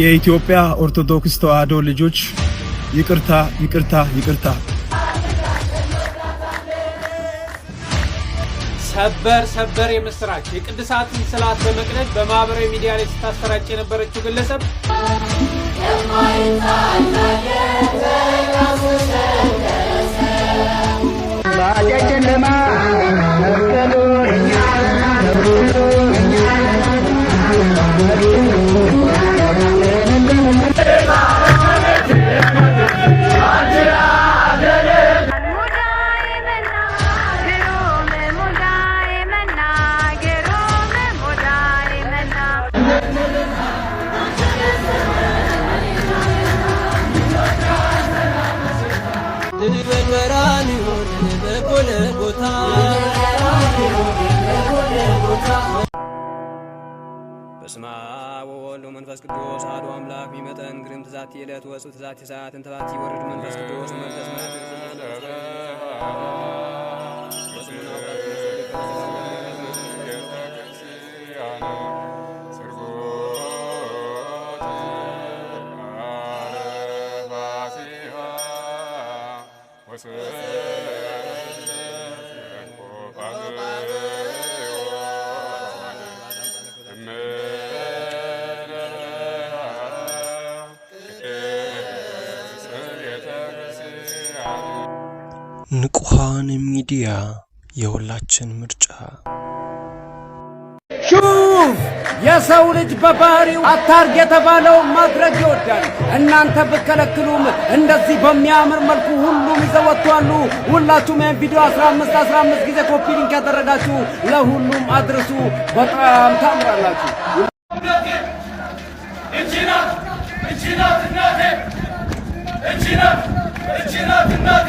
የኢትዮጵያ ኦርቶዶክስ ተዋሕዶ ልጆች ይቅርታ ይቅርታ ይቅርታ። ሰበር ሰበር የምስራች የቅድሳትን ስዕላት በመቅደድ በማህበራዊ ሚዲያ ላይ ስታሰራጭ የነበረችው ግለሰብ చండమా መንፈስ ቅዱስ አሐዱ አምላክ ሚመጠን ግርም ትዛቲ የዕለት ወፁ ትዛቲ ሰዓት እንተባቲ ይወርድ መንፈስ ቅዱስ መንፈስ ንቁሃን ሚዲያ የሁላችን ምርጫ። ሹም የሰው ልጅ በባህሪው አታርግ የተባለውን ማድረግ ይወዳል። እናንተ ብከለክሉም እንደዚህ በሚያምር መልኩ ሁሉም ይዘወጥቷሉ። ሁላችሁም ይህን ቪዲዮ 15 15 ጊዜ ኮፒ ሊንክ ያደረጋችሁ ለሁሉም አድርሱ። በጣም ታምራላችሁ። እቺ ናት እናቴ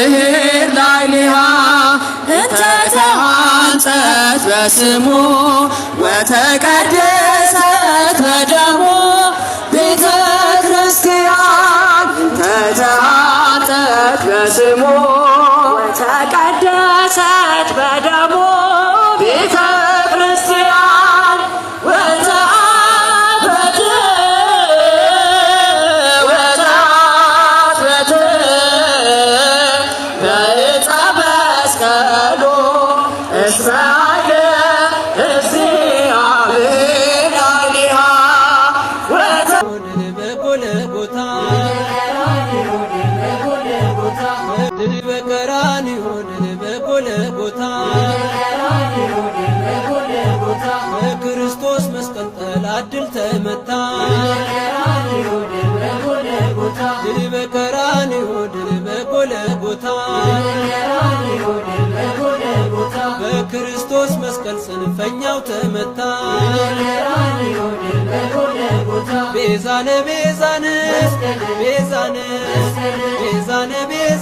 እግዚአብሔር ላዕሌሃ እንተ ተሐንጸት በስሙ ወተቀደሰት ድል በቀራንዮ ድል በጎልጎታ በክርስቶስ መስቀል ጠላት ድል ተመታ። ድል በቀራንዮ ድል በጎልጎታ በክርስቶስ መስቀል ጽንፈኛው ተመታ። ቤዛነ ቤዛነ ቤዛነ ቤዛነ ቤዛ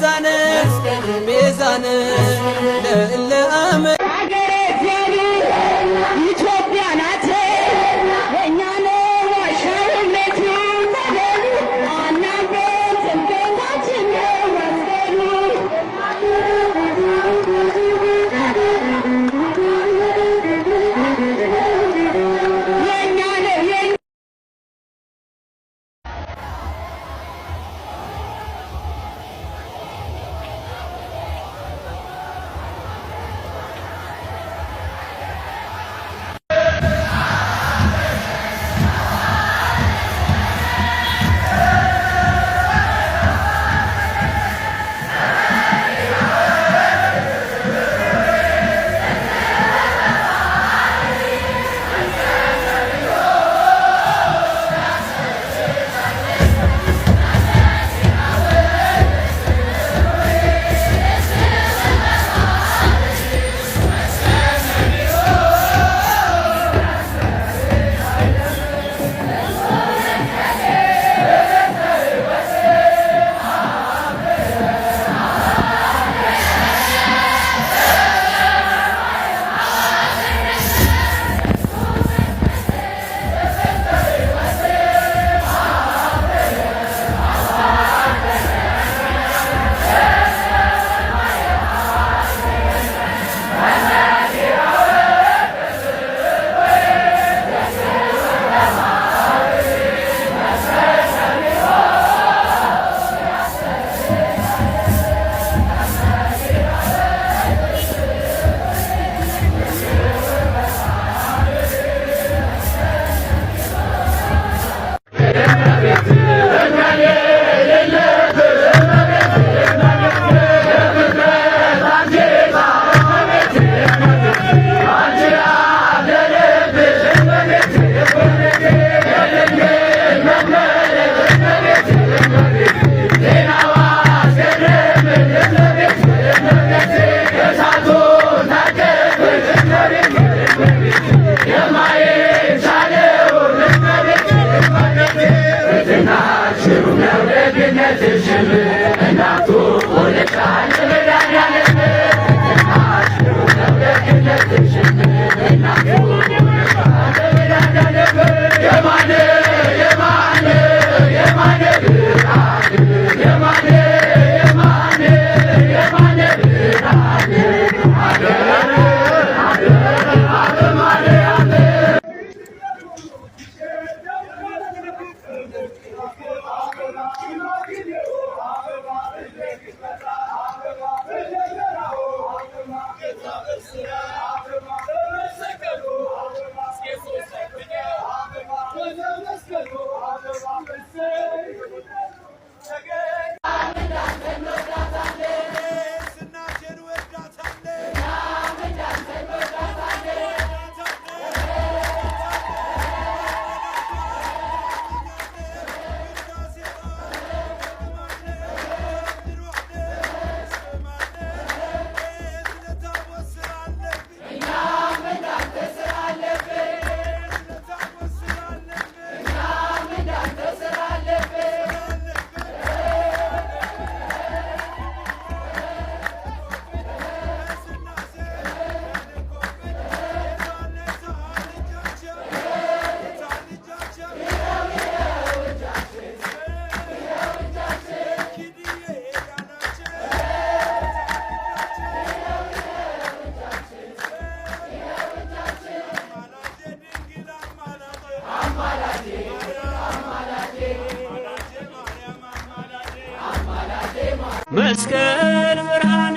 መስቀል ብርሃን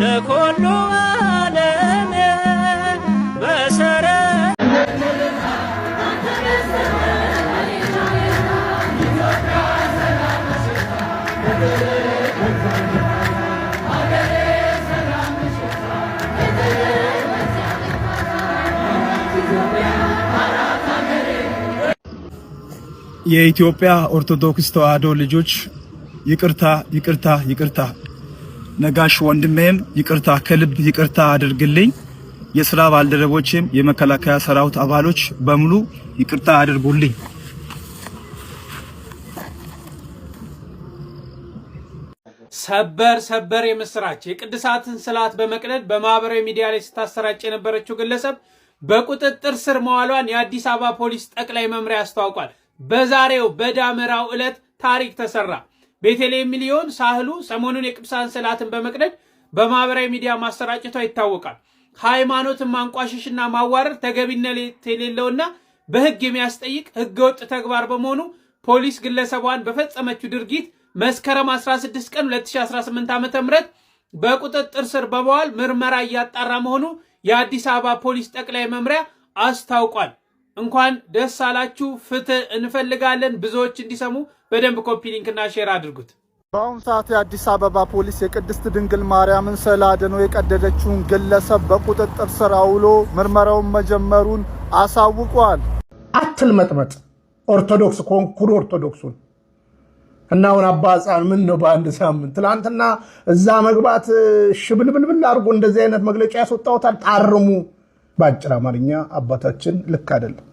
ለኮሎ ዓለም መሰረ የኢትዮጵያ ኦርቶዶክስ ተዋሕዶ ልጆች ይቅርታ ይቅርታ ይቅርታ። ነጋሽ ወንድሜም ይቅርታ ከልብ ይቅርታ አድርግልኝ። የስራ ባልደረቦችም የመከላከያ ሰራዊት አባሎች በሙሉ ይቅርታ አድርጉልኝ። ሰበር ሰበር የምስራች! የቅድሳትን ስዕላት በመቅደድ በማህበራዊ ሚዲያ ላይ ስታሰራጭ የነበረችው ግለሰብ በቁጥጥር ስር መዋሏን የአዲስ አበባ ፖሊስ ጠቅላይ መምሪያ አስታውቋል። በዛሬው በዳመራው ዕለት ታሪክ ተሰራ። ቤተልሔም ሚሊዮን ሳህሉ ሰሞኑን የቅዱሳን ስዕላትን በመቅደድ በማህበራዊ ሚዲያ ማሰራጨቷ ይታወቃል። ሃይማኖትን ማንቋሸሽና ማዋረድ ተገቢነት የሌለውና በህግ የሚያስጠይቅ ህገወጥ ተግባር በመሆኑ ፖሊስ ግለሰቧን በፈጸመችው ድርጊት መስከረም 16 ቀን 2018 ዓ ም በቁጥጥር ስር በመዋል ምርመራ እያጣራ መሆኑ የአዲስ አበባ ፖሊስ ጠቅላይ መምሪያ አስታውቋል። እንኳን ደስ አላችሁ። ፍትህ እንፈልጋለን። ብዙዎች እንዲሰሙ በደንብ ኮፒ ሊንክና ሼር አድርጉት። በአሁኑ ሰዓት የአዲስ አበባ ፖሊስ የቅድስት ድንግል ማርያምን ስዕል አድኖ የቀደደችውን ግለሰብ በቁጥጥር ስር አውሎ ምርመራውን መጀመሩን አሳውቋል። መጥመጥ ኦርቶዶክስ ኮንኩር ኦርቶዶክሱን እና አሁን አባ ሕፃን ምን ነው በአንድ ሳምንት ትላንትና እዛ መግባት ሽብልብልብል አድርጎ እንደዚህ አይነት መግለጫ ያስወጣውታል። ጣርሙ በአጭር አማርኛ አባታችን ልክ አይደለም።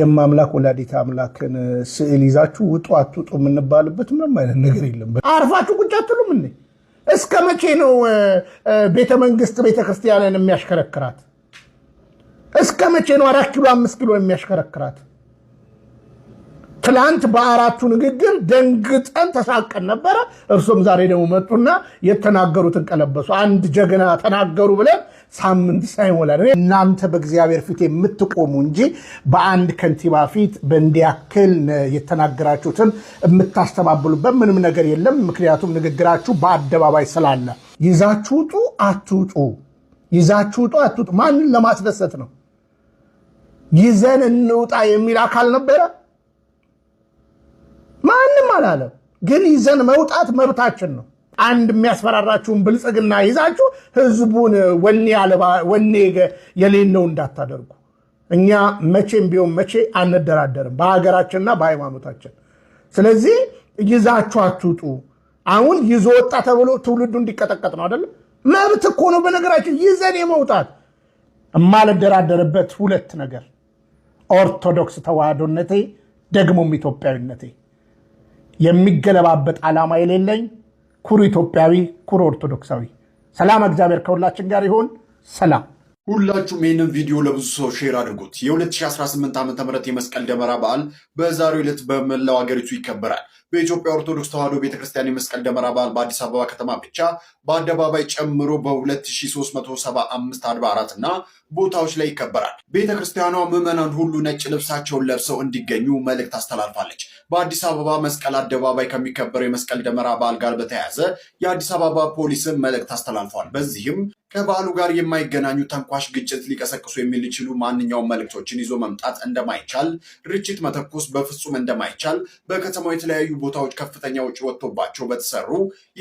የማምላክ ወላዲት አምላክን ስዕል ይዛችሁ ውጡ አትውጡ የምንባልበት ምንም አይነት ነገር የለም። አርፋችሁ ቁጭ አትሉም? እኔ እስከ መቼ ነው ቤተ መንግስት ቤተክርስቲያንን የሚያሽከረክራት? እስከ መቼ ነው አራት ኪሎ አምስት ኪሎ የሚያሽከረክራት? ትላንት በአራቱ ንግግር ደንግጠን ተሳቀን ነበረ። እርሶም ዛሬ ደግሞ መጡና የተናገሩትን ቀለበሱ። አንድ ጀግና ተናገሩ ብለን ሳምንት ሳይሞላ እናንተ በእግዚአብሔር ፊት የምትቆሙ እንጂ በአንድ ከንቲባ ፊት በእንዲያክል የተናገራችሁትን የምታስተባብሉበት ምንም ነገር የለም። ምክንያቱም ንግግራችሁ በአደባባይ ስላለ ይዛችሁ ውጡ አትውጡ፣ ይዛችሁ ውጡ አትውጡ፣ ማንን ለማስደሰት ነው? ይዘን እንውጣ የሚል አካል ነበረ? ማንም አላለም። ግን ይዘን መውጣት መብታችን ነው። አንድ የሚያስፈራራችሁን ብልጽግና ይዛችሁ ህዝቡን ወኔ የሌለው እንዳታደርጉ። እኛ መቼም ቢሆን መቼ አንደራደርም በሀገራችንና በሃይማኖታችን። ስለዚህ ይዛችሁ አትውጡ። አሁን ይዞ ወጣ ተብሎ ትውልዱ እንዲቀጠቀጥ ነው አይደለም? መብት እኮ ነው። በነገራችን ይዘን የመውጣት የማልደራደርበት ሁለት ነገር ኦርቶዶክስ ተዋህዶነቴ ደግሞም ኢትዮጵያዊነቴ የሚገለባበት ዓላማ የሌለኝ ኩሩ ኢትዮጵያዊ፣ ኩሩ ኦርቶዶክሳዊ። ሰላም እግዚአብሔር ከሁላችን ጋር ይሁን። ሰላም ሁላችሁም ይህንን ቪዲዮ ለብዙ ሰው ሼር አድርጉት። የ2018 ዓ ም የመስቀል ደመራ በዓል በዛሬው ዕለት በመላው ሀገሪቱ ይከበራል። በኢትዮጵያ ኦርቶዶክስ ተዋሕዶ ቤተክርስቲያን የመስቀል ደመራ በዓል በአዲስ አበባ ከተማ ብቻ በአደባባይ ጨምሮ በ2375 አድባራት እና ቦታዎች ላይ ይከበራል። ቤተክርስቲያኗ ምዕመናን ሁሉ ነጭ ልብሳቸውን ለብሰው እንዲገኙ መልእክት አስተላልፋለች። በአዲስ አበባ መስቀል አደባባይ ከሚከበረው የመስቀል ደመራ በዓል ጋር በተያያዘ የአዲስ አበባ ፖሊስም መልእክት አስተላልፏል። በዚህም ከበዓሉ ጋር የማይገናኙ ተንኳሽ ግጭት ሊቀሰቅሱ የሚችሉ ማንኛውም መልእክቶችን ይዞ መምጣት እንደማይቻል፣ ርችት መተኮስ በፍጹም እንደማይቻል፣ በከተማው የተለያዩ ቦታዎች ከፍተኛ ወጥቶባቸው በተሰሩ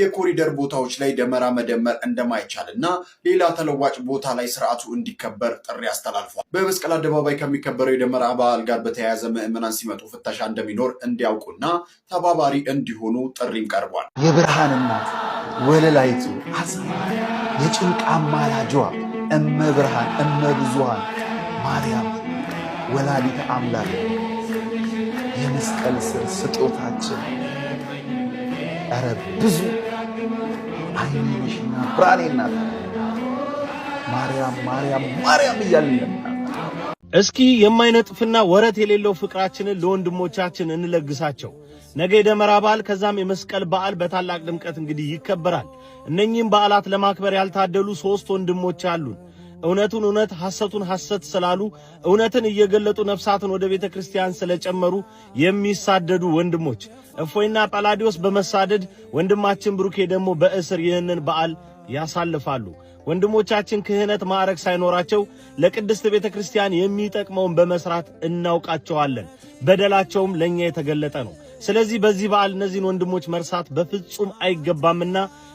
የኮሪደር ቦታዎች ላይ ደመራ መደመር እንደማይቻል እና ሌላ ተለዋጭ ቦታ ላይ ስርዓቱ እንዲከበር ጥሪ አስተላልፏል። በመስቀል አደባባይ ከሚከበረው የደመራ በዓል ጋር በተያያዘ ምዕመናን ሲመጡ ፍተሻ እንደሚኖር እንዲያውቁና ተባባሪ እንዲሆኑ ጥሪም ቀርቧል። የብርሃን እናት ወለላይቱ የጭንቅ አማላጇ እመብርሃን እመብዙሃን ማርያም ወላዲተ አምላክ የመስቀል ስር ስጦታችን ኧረ ብዙ አይነሽና ብራኔ ናት። ማርያም ማርያም ማርያም እያልን እስኪ የማይነጥፍና ወረት የሌለው ፍቅራችንን ለወንድሞቻችን እንለግሳቸው። ነገ የደመራ በዓል ከዛም የመስቀል በዓል በታላቅ ድምቀት እንግዲህ ይከበራል። እነኚህም በዓላት ለማክበር ያልታደሉ ሶስት ወንድሞች አሉን። እውነቱን እውነት ሐሰቱን ሐሰት ስላሉ እውነትን እየገለጡ ነፍሳትን ወደ ቤተ ክርስቲያን ስለጨመሩ የሚሳደዱ ወንድሞች እፎይና ጳላዲዮስ በመሳደድ ወንድማችን ብሩኬ ደግሞ በእስር ይህንን በዓል ያሳልፋሉ። ወንድሞቻችን ክህነት ማዕረግ ሳይኖራቸው ለቅድስት ቤተ ክርስቲያን የሚጠቅመውን በመስራት እናውቃቸዋለን። በደላቸውም ለእኛ የተገለጠ ነው። ስለዚህ በዚህ በዓል እነዚህን ወንድሞች መርሳት በፍጹም አይገባምና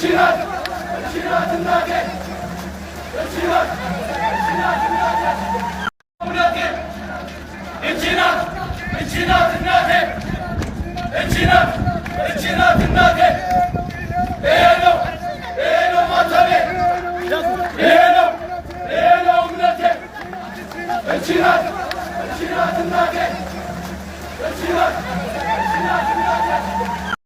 其他。